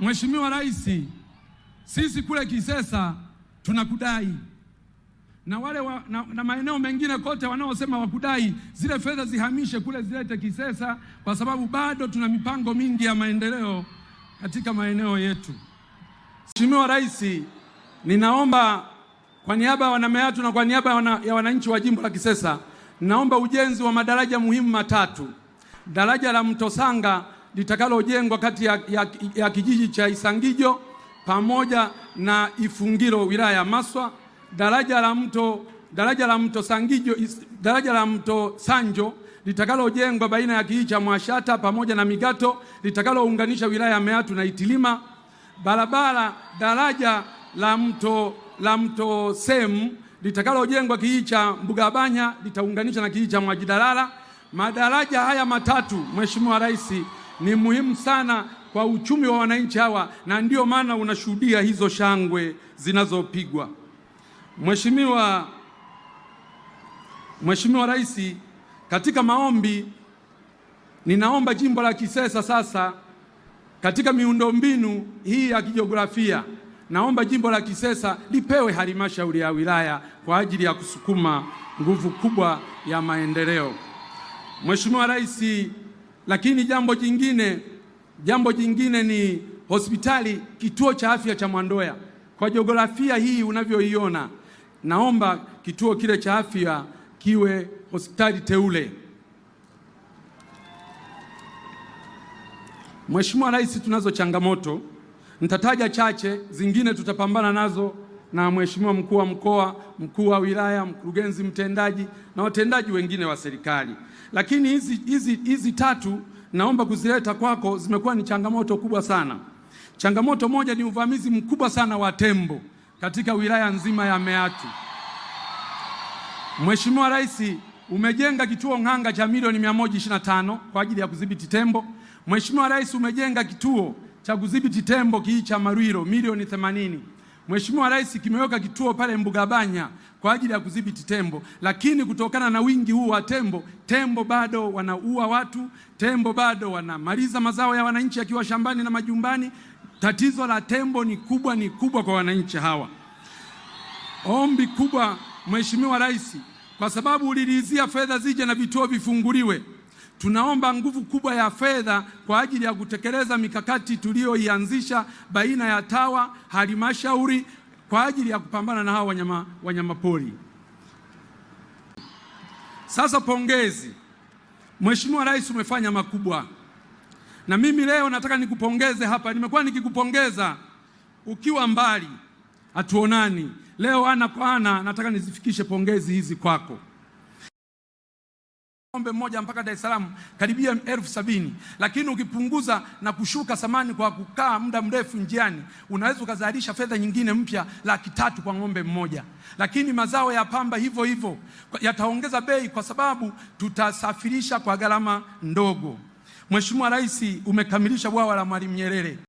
Mheshimiwa Rais, sisi kule Kisesa tunakudai na wale wa, na, na maeneo mengine kote wanaosema wakudai, zile fedha zihamishe kule zilete Kisesa, kwa sababu bado tuna mipango mingi ya maendeleo katika maeneo yetu. Mheshimiwa Rais, ninaomba kwa niaba ya wanameatu na kwa niaba ya wananchi wa jimbo la Kisesa, ninaomba ujenzi wa madaraja muhimu matatu, daraja la Mtosanga litakalojengwa kati ya, ya, ya kijiji cha Isangijo pamoja na Ifungiro wilaya ya Maswa, daraja la mto, daraja la mto Sangijo, daraja la mto Sanjo litakalojengwa baina ya kijiji cha Mwashata pamoja na Migato litakalounganisha wilaya ya Meatu na Itilima, barabara daraja la mto, la mto Sem litakalojengwa kijiji cha Mbugabanya litaunganisha na kijiji cha Mwajidalala. Madaraja haya matatu Mheshimiwa Rais ni muhimu sana kwa uchumi wa wananchi hawa, na ndio maana unashuhudia hizo shangwe zinazopigwa. Mheshimiwa Mheshimiwa Rais, katika maombi ninaomba jimbo la Kisesa sasa, katika miundombinu hii ya kijiografia, naomba jimbo la Kisesa lipewe halmashauri ya wilaya kwa ajili ya kusukuma nguvu kubwa ya maendeleo. Mheshimiwa Rais lakini jambo jingine, jambo jingine ni hospitali, kituo cha afya cha Mwandoya. Kwa jiografia hii unavyoiona, naomba kituo kile cha afya kiwe hospitali teule. Mheshimiwa Rais, tunazo changamoto, nitataja chache, zingine tutapambana nazo na Mheshimiwa mkuu wa mkoa, mkuu wa wilaya, mkurugenzi mtendaji na watendaji wengine wa serikali. Lakini hizi, hizi, hizi tatu naomba kuzileta kwako, zimekuwa ni changamoto kubwa sana. Changamoto moja ni uvamizi mkubwa sana wa tembo katika wilaya nzima ya Meatu. Mheshimiwa Rais umejenga kituo ng'anga cha milioni 125 kwa ajili ya kudhibiti tembo. Mheshimiwa Rais umejenga kituo cha kudhibiti tembo kii cha Marwiro milioni 80 Mheshimiwa Rais kimeweka kituo pale Mbugabanya kwa ajili ya kudhibiti tembo, lakini kutokana na wingi huu wa tembo, tembo bado wanaua watu, tembo bado wanamaliza mazao ya wananchi akiwa shambani na majumbani. Tatizo la tembo ni kubwa, ni kubwa kwa wananchi hawa. Ombi kubwa Mheshimiwa Rais, kwa sababu ulilizia fedha zije na vituo vifunguliwe Tunaomba nguvu kubwa ya fedha kwa ajili ya kutekeleza mikakati tuliyoianzisha baina ya TAWA halmashauri kwa ajili ya kupambana na hawa wanyama wanyamapori. Sasa pongezi, Mheshimiwa Rais, umefanya makubwa, na mimi leo nataka nikupongeze hapa. Nimekuwa nikikupongeza ukiwa mbali, hatuonani. Leo ana kwa ana nataka nizifikishe pongezi hizi kwako kombe mmoja mpaka Dar es Salaam karibia elfu sabini lakini ukipunguza na kushuka samani kwa kukaa muda mrefu njiani, unaweza ukazalisha fedha nyingine mpya laki tatu kwa ng'ombe mmoja. Lakini mazao ya pamba hivyo hivyo yataongeza bei kwa sababu tutasafirisha kwa gharama ndogo. Mheshimiwa Rais, umekamilisha bwawa la Mwalimu Nyerere.